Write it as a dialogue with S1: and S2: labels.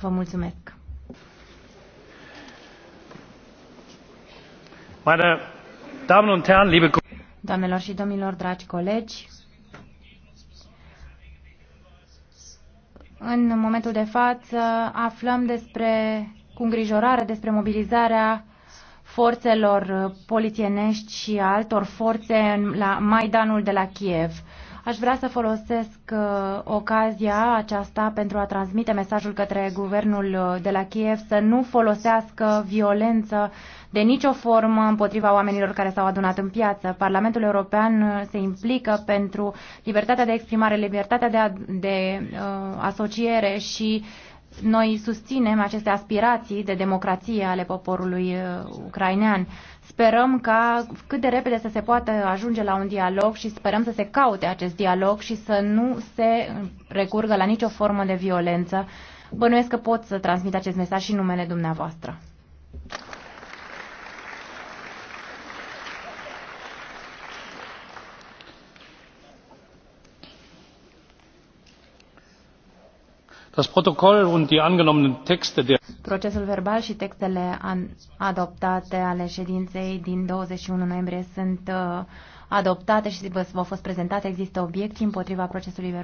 S1: Vă mulțumesc. Doamnelor și domnilor, dragi colegi, în momentul de față aflăm despre, cu îngrijorare despre mobilizarea forțelor polițienești și altor forțe la Maidanul de la Kiev. Aș vrea să folosesc uh, ocazia aceasta pentru a transmite mesajul către guvernul uh, de la Kiev să nu folosească violență de nicio formă împotriva oamenilor care s-au adunat în piață. Parlamentul European uh, se implică pentru libertatea de exprimare, libertatea de, de uh, asociere și noi susținem aceste aspirații de democrație ale poporului uh, ucrainean. Sperăm ca cât de repede să se poată ajunge la un dialog și sperăm să se caute acest dialog și să nu se recurgă la nicio formă de violență. Bănuiesc că pot să transmit acest mesaj și numele dumneavoastră. Procesul verbal și textele adoptate ale ședinței din 21 noiembrie sunt uh, adoptate și au fost prezentate. Există obiecții împotriva procesului verbal?